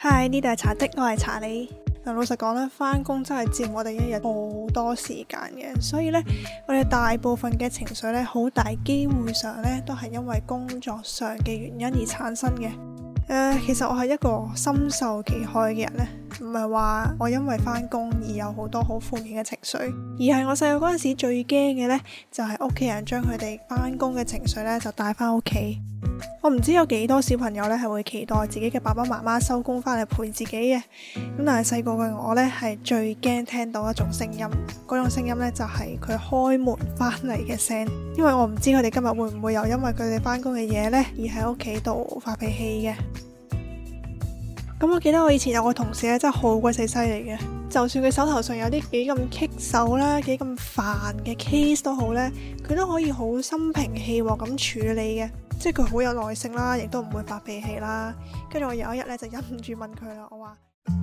嗨，呢度係茶嘖，我係查理。嗱，老實講咧，返工真係佔我哋一日好多時間嘅，所以咧，我哋大部分嘅情緒咧，好大機會上咧，都係因為工作上嘅原因而產生嘅。誒、呃，其實我係一個深受其害嘅人咧。唔係話我因為翻工而有好多好負面嘅情緒，而係我細個嗰陣時最驚嘅呢，就係屋企人將佢哋翻工嘅情緒呢就帶翻屋企。我唔知有幾多小朋友呢係會期待自己嘅爸爸媽媽收工翻嚟陪自己嘅，咁但係細個嘅我呢係最驚聽到一種聲音，嗰種聲音呢就係佢開門翻嚟嘅聲，因為我唔知佢哋今日會唔會又因為佢哋翻工嘅嘢呢而喺屋企度發脾氣嘅。咁我記得我以前有個同事咧，真係好鬼死犀利嘅。就算佢手頭上有啲幾咁棘手啦，幾咁煩嘅 case 都好咧，佢都可以好心平氣和咁處理嘅。即係佢好有耐性啦，亦都唔會發脾氣啦。跟住我有一日咧，就忍唔住問佢啦，我話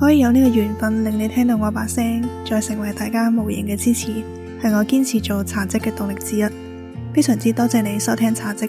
可以有呢個緣分令你聽到我把聲，再成為大家無形嘅支持，係我堅持做茶嘖嘅動力之一。非常之多謝你收聽茶嘖。